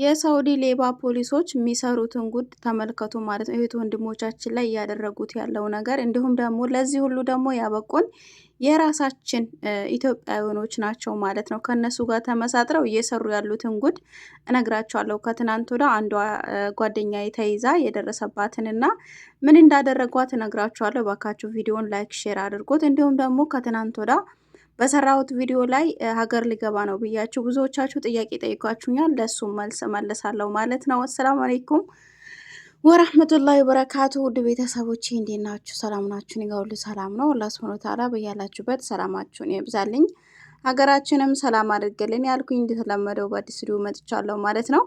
የሳውዲ ሌባ ፖሊሶች የሚሰሩትን ጉድ ተመልከቱ ማለት ነው። እህት ወንድሞቻችን ላይ እያደረጉት ያለው ነገር እንዲሁም ደግሞ ለዚህ ሁሉ ደግሞ ያበቁን የራሳችን ኢትዮጵያውያኖች ናቸው ማለት ነው። ከእነሱ ጋር ተመሳጥረው እየሰሩ ያሉትን ጉድ እነግራቸዋለሁ። ከትናንት ወዲያ አንዷ ጓደኛ ተይዛ የደረሰባትንና ምን እንዳደረጓት እነግራቸዋለሁ። ባካችሁ ቪዲዮን ላይክ፣ ሼር አድርጎት እንዲሁም ደግሞ ከትናንት ወዲያ በሰራሁት ቪዲዮ ላይ ሀገር ሊገባ ነው ብያችሁ ብዙዎቻችሁ ጥያቄ ጠይቋችሁኛል። ለእሱም መልስ መለሳለሁ ማለት ነው። አሰላሙ አሌይኩም ወራህመቱላሂ ወበረካቱ። ውድ ቤተሰቦቼ እንዴት ናችሁ? ሰላም ናችሁን? እኔ ሰላም ነው። አላህ ሱብሓነሁ ወተዓላ በያላችሁበት ሰላማችሁን ይብዛልኝ፣ ሀገራችንም ሰላም አድርገልን ያልኩኝ እንደተለመደው በአዲስ ቪዲዮ መጥቻለሁ ማለት ነው።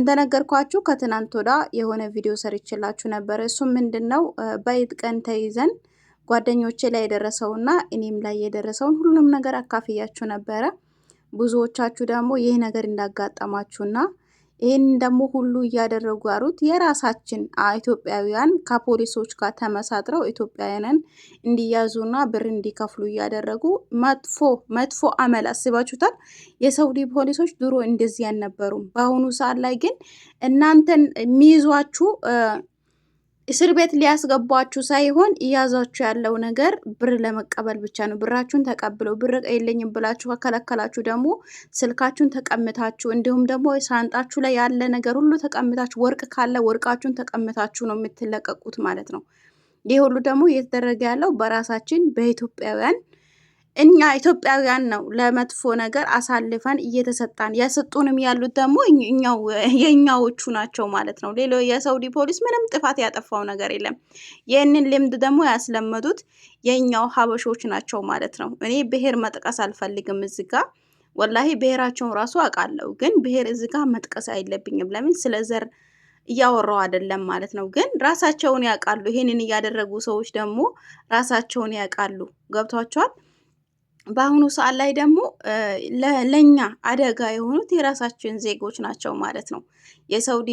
እንደነገርኳችሁ ከትናንት ወዳ የሆነ ቪዲዮ ሰርችላችሁ ነበር። እሱም ምንድን ነው በኢድ ቀን ተይዘን ጓደኞቼ ላይ የደረሰውና እኔም ላይ የደረሰውን ሁሉንም ነገር አካፍያችሁ ነበረ። ብዙዎቻችሁ ደግሞ ይህ ነገር እንዳጋጠማችሁና ይህን ደግሞ ሁሉ እያደረጉ ያሉት የራሳችን ኢትዮጵያውያን ከፖሊሶች ጋር ተመሳጥረው ኢትዮጵያውያንን እንዲያዙና ብር እንዲከፍሉ እያደረጉ መጥፎ መጥፎ አመል አስባችሁታል። የሳውዲ ፖሊሶች ድሮ እንደዚህ አልነበሩም። በአሁኑ ሰዓት ላይ ግን እናንተን የሚይዟችሁ እስር ቤት ሊያስገቧችሁ ሳይሆን እያዟችሁ ያለው ነገር ብር ለመቀበል ብቻ ነው። ብራችሁን ተቀብለው ብር የለኝም ብላችሁ ከከለከላችሁ ደግሞ ስልካችሁን ተቀምታችሁ፣ እንዲሁም ደግሞ ሳንጣችሁ ላይ ያለ ነገር ሁሉ ተቀምታችሁ፣ ወርቅ ካለ ወርቃችሁን ተቀምታችሁ ነው የምትለቀቁት ማለት ነው። ይህ ሁሉ ደግሞ እየተደረገ ያለው በራሳችን በኢትዮጵያውያን እኛ ኢትዮጵያውያን ነው ለመጥፎ ነገር አሳልፈን እየተሰጣን የሰጡንም ያሉት ደግሞ የእኛዎቹ ናቸው ማለት ነው። ሌሎ የሳውዲ ፖሊስ ምንም ጥፋት ያጠፋው ነገር የለም። ይህንን ልምድ ደግሞ ያስለመዱት የእኛው ሀበሾች ናቸው ማለት ነው። እኔ ብሔር መጥቀስ አልፈልግም እዚህ ጋ ወላሂ ብሔራቸውን ራሱ አውቃለሁ፣ ግን ብሔር እዚህ ጋ መጥቀስ አይለብኝም። ለምን ስለ ዘር እያወራው አይደለም ማለት ነው። ግን ራሳቸውን ያውቃሉ። ይህንን እያደረጉ ሰዎች ደግሞ ራሳቸውን ያውቃሉ። ገብቷቸዋል። በአሁኑ ሰዓት ላይ ደግሞ ለእኛ አደጋ የሆኑት የራሳችን ዜጎች ናቸው ማለት ነው። የሳውዲ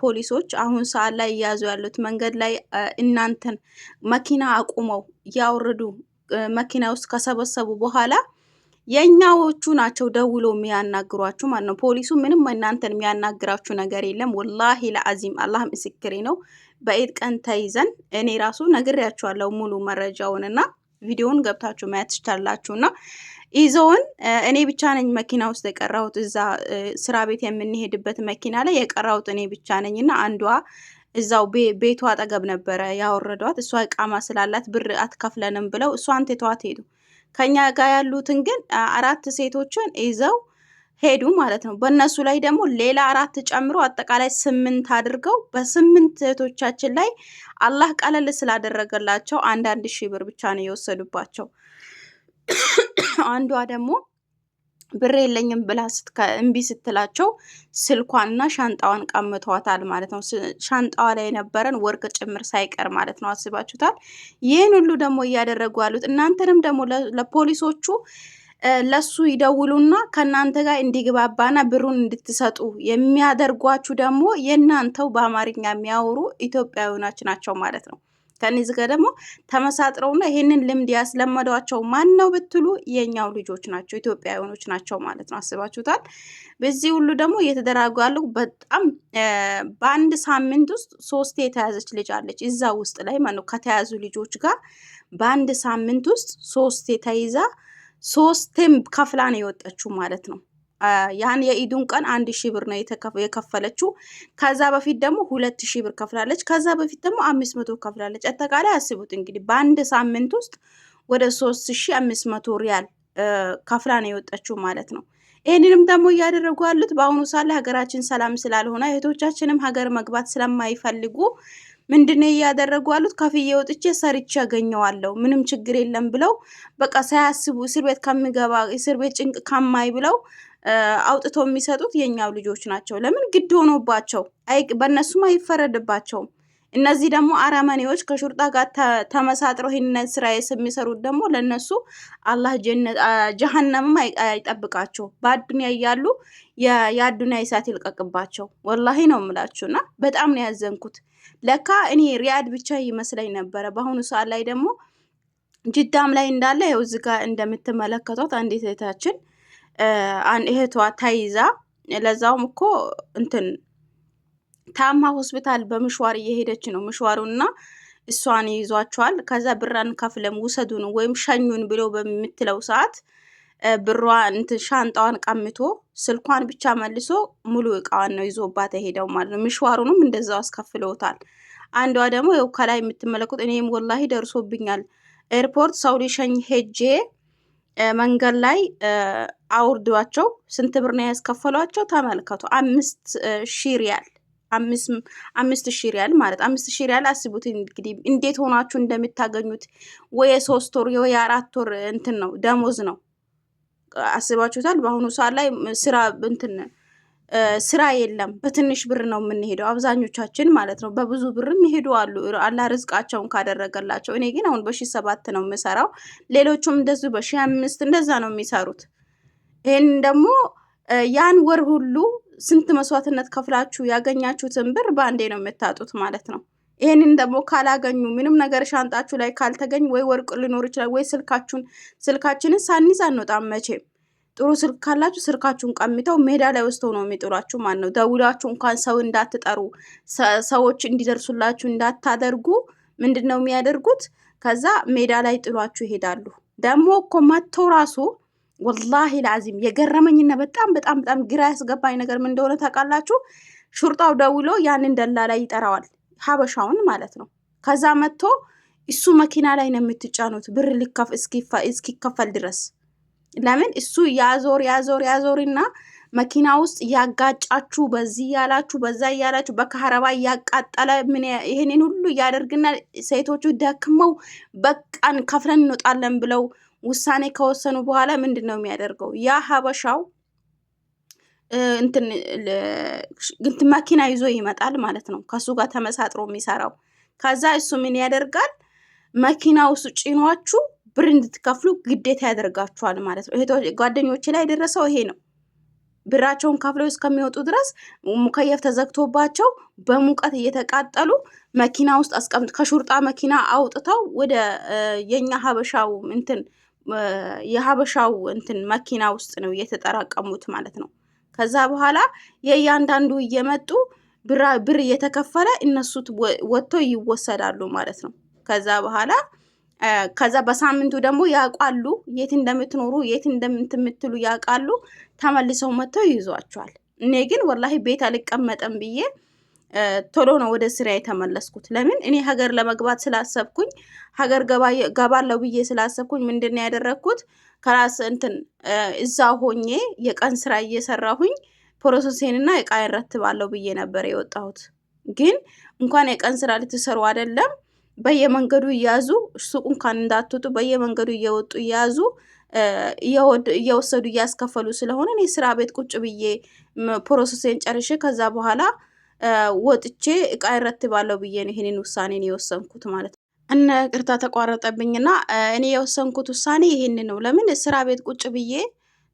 ፖሊሶች አሁን ሰዓት ላይ እያዙ ያሉት መንገድ ላይ እናንተን መኪና አቁመው እያወረዱ መኪና ውስጥ ከሰበሰቡ በኋላ የእኛዎቹ ናቸው ደውሎ የሚያናግሯችሁ ማለት ነው። ፖሊሱ ምንም እናንተን የሚያናግራችሁ ነገር የለም። ወላሂ ለአዚም አላህ ምስክሬ ነው። በኢድ ቀን ተይዘን እኔ ራሱ ነግሬያችኋለሁ ሙሉ መረጃውንና ቪዲዮውን ገብታችሁ ማየት ትችላላችሁና ይዘውን እኔ ብቻ ነኝ መኪና ውስጥ የቀራሁት። እዛ ስራ ቤት የምንሄድበት መኪና ላይ የቀራሁት እኔ ብቻ ነኝ እና አንዷ እዛው ቤቷ አጠገብ ነበረ ያወረዷት። እሷ እቃማ ስላላት ብር አትከፍለንም ብለው እሷን ትተዋት ሄዱ። ከኛ ጋር ያሉትን ግን አራት ሴቶችን ይዘው ሄዱ ማለት ነው። በእነሱ ላይ ደግሞ ሌላ አራት ጨምሮ አጠቃላይ ስምንት አድርገው በስምንት እህቶቻችን ላይ አላህ ቀለል ስላደረገላቸው አንዳንድ ሺህ ብር ብቻ ነው የወሰዱባቸው። አንዷ ደግሞ ብር የለኝም ብላ እምቢ ስትላቸው ስልኳንና ሻንጣዋን ቀምተዋታል ማለት ነው። ሻንጣዋ ላይ የነበረን ወርቅ ጭምር ሳይቀር ማለት ነው። አስባችሁታል? ይህን ሁሉ ደግሞ እያደረጉ ያሉት እናንተንም ደግሞ ለፖሊሶቹ ለሱ ይደውሉና ከእናንተ ጋር እንዲግባባና ብሩን እንድትሰጡ የሚያደርጓችሁ ደግሞ የእናንተው በአማርኛ የሚያወሩ ኢትዮጵያዊናች ናቸው ማለት ነው። ከእነዚህ ጋር ደግሞ ተመሳጥረውና ይህንን ልምድ ያስለመዷቸው ማን ነው ብትሉ የእኛው ልጆች ናቸው፣ ኢትዮጵያዊኖች ናቸው ማለት ነው። አስባችሁታል? በዚህ ሁሉ ደግሞ እየተደራጉ ያለው በጣም በአንድ ሳምንት ውስጥ ሶስት የተያዘች ልጅ አለች። እዛ ውስጥ ላይ ማነው ከተያዙ ልጆች ጋር በአንድ ሳምንት ውስጥ ሶስት ተይዛ ሶስትም ከፍላ ነው የወጣችው ማለት ነው። ያን የኢዱን ቀን አንድ ሺህ ብር ነው የከፈለችው። ከዛ በፊት ደግሞ ሁለት ሺህ ብር ከፍላለች። ከዛ በፊት ደግሞ አምስት መቶ ከፍላለች። አጠቃላይ አስቡት እንግዲህ በአንድ ሳምንት ውስጥ ወደ ሶስት ሺህ አምስት መቶ ሪያል ከፍላ ነው የወጣችው ማለት ነው። ይህንንም ደግሞ እያደረጉ ያሉት በአሁኑ ሳለ ሀገራችን ሰላም ስላልሆነ እህቶቻችንም ሀገር መግባት ስለማይፈልጉ ምንድነው እያደረጉ ያሉት? ከፍዬ ወጥቼ ሰርቼ ያገኘዋለሁ ምንም ችግር የለም ብለው በቃ ሳያስቡ እስር ቤት ከሚገባ እስር ቤት ጭንቅ ከማይ ብለው አውጥቶ የሚሰጡት የኛው ልጆች ናቸው። ለምን ግድ ሆኖባቸው? አይ በእነሱም አይፈረድባቸውም። እነዚህ ደግሞ አረመኔዎች ከሹርጣ ጋር ተመሳጥረው ይህንን ስራ የሚሰሩት ደግሞ ለእነሱ አላህ ጀሃነምም አይጠብቃቸው። በአዱኒያ እያሉ የአዱኒያ እሳት ይልቀቅባቸው። ወላሂ ነው የምላችሁና በጣም ነው ያዘንኩት። ለካ እኔ ሪያድ ብቻ ይመስለኝ ነበረ። በአሁኑ ሰዓት ላይ ደግሞ ጅዳም ላይ እንዳለ ው እዚህ ጋር እንደምትመለከቷት አንዲት እህታችን እህቷ ተይዛ ለዛውም እኮ እንትን ታማ ሆስፒታል በምሽዋር እየሄደች ነው። ምሽዋሩና እሷን ይዟቸዋል። ከዛ ብራን ከፍለም ውሰዱን ወይም ሸኙን ብሎ በምትለው ሰዓት ብሯ እንትን ሻንጣዋን ቀምቶ ስልኳን ብቻ መልሶ ሙሉ እቃዋን ነው ይዞባት የሄደው ማለት ነው። ምሽዋሩንም እንደዛው አስከፍለውታል። አንዷ ደግሞ ይኸው ከላይ የምትመለኩት እኔም ወላሂ ደርሶብኛል። ኤርፖርት ሰው ሊሸኝ ሄጄ መንገድ ላይ አውርዷቸው ስንት ብር ነው ያስከፈሏቸው? ተመልከቱ። አምስት ሺ ሪያል አምስት ሺ ሪያል ማለት አምስት ሺ ሪያል አስቡት እንግዲህ እንዴት ሆናችሁ እንደምታገኙት ወይ የሶስት ወር ወይ የአራት ወር እንትን ነው ደሞዝ ነው። አስባችሁታል? በአሁኑ ሰዓት ላይ ስራ እንትን ስራ የለም። በትንሽ ብር ነው የምንሄደው አብዛኞቻችን ማለት ነው። በብዙ ብርም ይሄዱ አሉ አላ ርዝቃቸውን ካደረገላቸው። እኔ ግን አሁን በሺ ሰባት ነው የምሰራው። ሌሎቹም እንደዚ በሺ አምስት እንደዛ ነው የሚሰሩት። ይህን ደግሞ ያን ወር ሁሉ ስንት መስዋዕትነት ከፍላችሁ ያገኛችሁትን ብር በአንዴ ነው የምታጡት ማለት ነው። ይህንን ደግሞ ካላገኙ ምንም ነገር ሻንጣችሁ ላይ ካልተገኝ ወይ ወርቅ ሊኖር ይችላል ወይ ስልካችሁን ስልካችንን ሳንይዝ አንወጣም መቼም። ጥሩ ስልክ ካላችሁ ስልካችሁን ቀምተው ሜዳ ላይ ወስተው ነው የሚጥሏችሁ ማለት ነው። ደውላችሁ እንኳን ሰው እንዳትጠሩ ሰዎች እንዲደርሱላችሁ እንዳታደርጉ ምንድን ነው የሚያደርጉት? ከዛ ሜዳ ላይ ጥሏችሁ ይሄዳሉ። ደግሞ እኮ መጥቶ ራሱ ወላሂ ለአዚም የገረመኝና በጣም በጣም በጣም ግራ ያስገባኝ ነገር ምን እንደሆነ ታውቃላችሁ? ሹርጣው ደውሎ ያንን ደላላ ይጠራዋል፣ ሀበሻውን ማለት ነው። ከዛ መጥቶ እሱ መኪና ላይ ነው የምትጫኑት ብር እስኪከፈል ድረስ ለምን እሱ ያዞር ያዞር ያዞርና መኪና ውስጥ እያጋጫችሁ በዚህ እያላችሁ በዛ እያላችሁ በካህረባ እያቃጠለ ምን ይህንን ሁሉ እያደርግና ሴቶቹ ደክመው በቃን ከፍለን እንወጣለን ብለው ውሳኔ ከወሰኑ በኋላ ምንድን ነው የሚያደርገው? ያ ሀበሻው እንትን መኪና ይዞ ይመጣል ማለት ነው። ከሱ ጋር ተመሳጥሮ የሚሰራው ከዛ እሱ ምን ያደርጋል? መኪና ውስጥ ጭኗችሁ ብር እንድትከፍሉ ግዴታ ያደርጋችኋል ማለት ነው። ጓደኞቼ ላይ የደረሰው ይሄ ነው። ብራቸውን ከፍለው እስከሚወጡ ድረስ ሙከየፍ ተዘግቶባቸው በሙቀት እየተቃጠሉ መኪና ውስጥ አስቀምጥ ከሹርጣ መኪና አውጥተው ወደ የኛ ሀበሻው እንትን የሀበሻው እንትን መኪና ውስጥ ነው እየተጠራቀሙት ማለት ነው። ከዛ በኋላ የእያንዳንዱ እየመጡ ብር እየተከፈለ እነሱ ወጥቶ ይወሰዳሉ ማለት ነው። ከዛ በኋላ ከዛ በሳምንቱ ደግሞ ያውቃሉ፣ የት እንደምትኖሩ የት እንደምትምትሉ ያውቃሉ። ተመልሰው መጥተው ይይዟቸዋል። እኔ ግን ወላሂ ቤት አልቀመጠም ብዬ ቶሎ ነው ወደ ስራ የተመለስኩት። ለምን እኔ ሀገር ለመግባት ስላሰብኩኝ ሀገር ገባለው ብዬ ስላሰብኩኝ ምንድን ያደረግኩት? ከራስ እንትን እዛ ሆኜ የቀን ስራ እየሰራሁኝ ፕሮሰሴንና እቃዬን ረትባለሁ ብዬ ነበር የወጣሁት። ግን እንኳን የቀን ስራ ልትሰሩ አይደለም በየመንገዱ እያዙ ሱቅ እንኳን እንዳትወጡ በየመንገዱ እየወጡ እያዙ እየወሰዱ እያስከፈሉ ስለሆነ እኔ ስራ ቤት ቁጭ ብዬ ፕሮሰሴን ጨርሼ ከዛ በኋላ ወጥቼ እቃ ይረት ብዬ ነው ይህንን ውሳኔን የወሰንኩት ማለት ነው። እነ ቅርታ ተቋረጠብኝና እኔ የወሰንኩት ውሳኔ ይህን ነው። ለምን ስራ ቤት ቁጭ ብዬ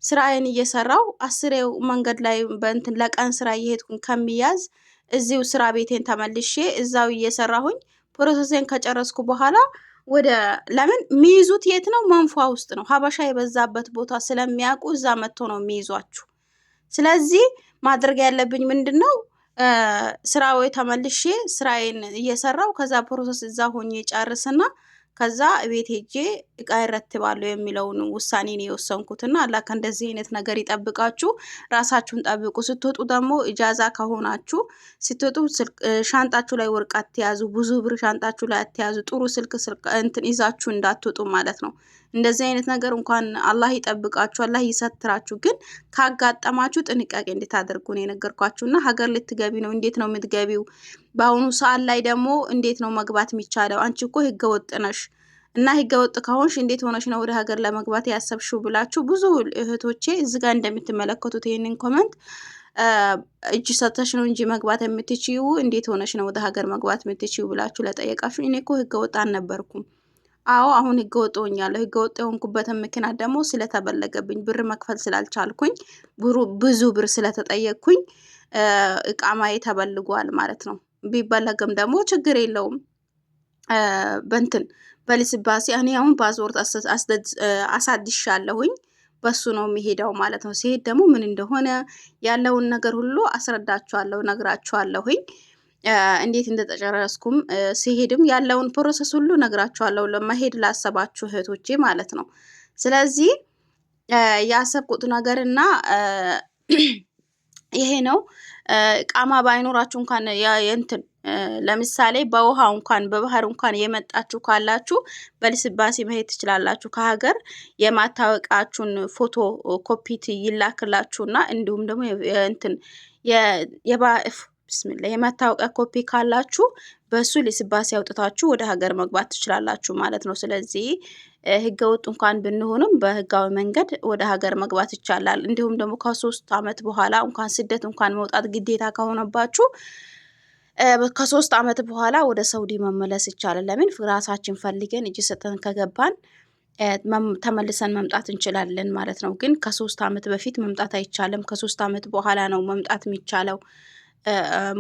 ስራዬን እየሰራው አስሬው መንገድ ላይ በእንትን ለቀን ስራ እየሄድኩኝ ከሚያዝ እዚው ስራ ቤቴን ተመልሼ እዛው እየሰራሁኝ ፕሮሰሴን ከጨረስኩ በኋላ ወደ ለምን የሚይዙት የት ነው? መንፏ ውስጥ ነው። ሀበሻ የበዛበት ቦታ ስለሚያውቁ እዛ መጥቶ ነው የሚይዟችሁ። ስለዚህ ማድረግ ያለብኝ ምንድን ነው? ስራዊ ተመልሼ ስራዬን እየሰራው ከዛ ፕሮሰስ እዛ ሆኜ ጨርስና ከዛ ቤት ሄጄ እቃ ይረትባለሁ የሚለውን ውሳኔ ነው የወሰንኩትና አላህ ከእንደዚህ አይነት ነገር ይጠብቃችሁ። ራሳችሁን ጠብቁ። ስትወጡ ደግሞ እጃዛ ከሆናችሁ ስትወጡ ሻንጣችሁ ላይ ወርቅ አትያዙ፣ ብዙ ብር ሻንጣችሁ ላይ አትያዙ። ጥሩ ስልክ እንትን ይዛችሁ እንዳትወጡ ማለት ነው። እንደዚህ አይነት ነገር እንኳን አላህ ይጠብቃችሁ፣ አላህ ይሰትራችሁ። ግን ካጋጠማችሁ ጥንቃቄ እንድታደርጉ ነው የነገርኳችሁ። እና ሀገር ልትገቢ ነው፣ እንዴት ነው የምትገቢው? በአሁኑ ሰዓት ላይ ደግሞ እንዴት ነው መግባት የሚቻለው? አንቺ እኮ ህገ ወጥ ነሽ እና ህገ ወጥ ከሆንሽ እንዴት ሆነሽ ነው ወደ ሀገር ለመግባት ያሰብሽው? ብላችሁ ብዙ እህቶቼ እዚ ጋር እንደምትመለከቱት ይህንን ኮመንት እጅ ሰተሽ ነው እንጂ መግባት የምትችው እንዴት ሆነሽ ነው ወደ ሀገር መግባት የምትችው ብላችሁ ለጠየቃችሁ እኔ እኮ ህገ ወጥ አልነበርኩም። አዎ አሁን ህገወጥ ሆኛለሁ። ህገወጥ የሆንኩበትን ምክንያት ደግሞ ስለተበለገብኝ ብር መክፈል ስላልቻልኩኝ ብዙ ብር ስለተጠየቅኩኝ እቃማዬ ተበልጓል ማለት ነው። ቢበለግም ደግሞ ችግር የለውም። በንትን በልስባሴ እኔ አሁን ፓስፖርት አሳድሻለሁኝ በሱ ነው የሚሄደው ማለት ነው። ሲሄድ ደግሞ ምን እንደሆነ ያለውን ነገር ሁሉ አስረዳችኋለሁ፣ ነግራችኋለሁኝ። እንዴት እንደተጨረስኩም ሲሄድም ያለውን ፕሮሰስ ሁሉ ነግራችኋለሁ፣ ለመሄድ ላሰባችሁ እህቶቼ ማለት ነው። ስለዚህ ያሰብኩት ነገር እና ይሄ ነው። ቃማ ባይኖራችሁ እንኳን የእንትን ለምሳሌ በውሃ እንኳን በባህር እንኳን የመጣችሁ ካላችሁ በልስባሴ መሄድ ትችላላችሁ። ከሀገር የማታወቃችሁን ፎቶ ኮፒት ይላክላችሁና እንዲሁም ደግሞ እንትን ብስምላ የመታወቂያ ኮፒ ካላችሁ በሱ ሊስባሴ አውጥታችሁ ወደ ሀገር መግባት ትችላላችሁ ማለት ነው። ስለዚህ ህገ ወጥ እንኳን ብንሆንም በህጋዊ መንገድ ወደ ሀገር መግባት ይቻላል። እንዲሁም ደግሞ ከሶስት አመት በኋላ እንኳን ስደት እንኳን መውጣት ግዴታ ከሆነባችሁ ከሶስት አመት በኋላ ወደ ሰውዲ መመለስ ይቻላል። ለምን ራሳችን ፈልገን እጅ ሰጠን ከገባን ተመልሰን መምጣት እንችላለን ማለት ነው። ግን ከሶስት አመት በፊት መምጣት አይቻልም። ከሶስት አመት በኋላ ነው መምጣት የሚቻለው።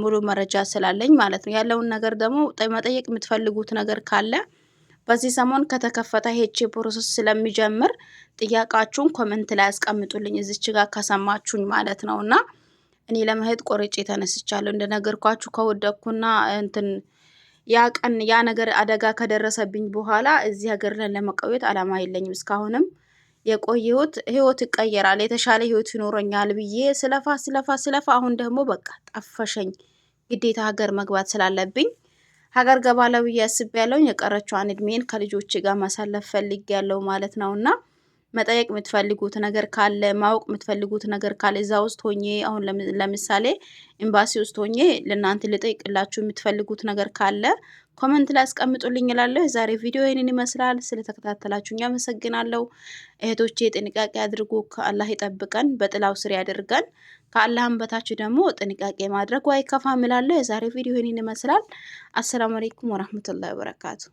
ሙሉ መረጃ ስላለኝ ማለት ነው። ያለውን ነገር ደግሞ መጠየቅ የምትፈልጉት ነገር ካለ በዚህ ሰሞን ከተከፈተ ሄቼ ፕሮሰስ ስለሚጀምር ጥያቃችሁን ኮመንት ላይ ያስቀምጡልኝ። እዚች ጋር ከሰማችሁኝ ማለት ነው እና እኔ ለመሄድ ቆርጬ ተነስቻለሁ። እንደነገርኳችሁ ከወደኩና እንትን ያ ቀን ያ ነገር አደጋ ከደረሰብኝ በኋላ እዚህ ሀገር ላይ ለመቆየት አላማ የለኝም እስካሁንም የቆየሁት ህይወት ይቀየራል፣ የተሻለ ህይወት ይኖረኛል ብዬ ስለፋ ስለፋ ስለፋ አሁን ደግሞ በቃ ጠፈሸኝ። ግዴታ ሀገር መግባት ስላለብኝ ሀገር ገባለሁ ብዬ አስቤያለሁ። የቀረችዋን እድሜን ከልጆች ጋር ማሳለፍ ፈልጌያለሁ ማለት ነውና መጠየቅ የምትፈልጉት ነገር ካለ ማወቅ የምትፈልጉት ነገር ካለ እዛ ውስጥ ሆኜ አሁን ለምሳሌ ኤምባሲ ውስጥ ሆኜ ለእናንተ ልጠይቅላችሁ የምትፈልጉት ነገር ካለ ኮመንት ላይ አስቀምጡልኝ እላለሁ። የዛሬ ቪዲዮ ይህንን ይመስላል። ስለተከታተላችሁ አመሰግናለሁ። እህቶቼ ጥንቃቄ አድርጉ። ከአላህ ይጠብቀን፣ በጥላው ስር ያደርገን። ከአላህም በታች ደግሞ ጥንቃቄ ማድረግ አይከፋም እላለሁ። የዛሬ ቪዲዮ ይህንን ይመስላል። አሰላሙ አለይኩም ወራህመቱላሂ ወበረካቱሁ።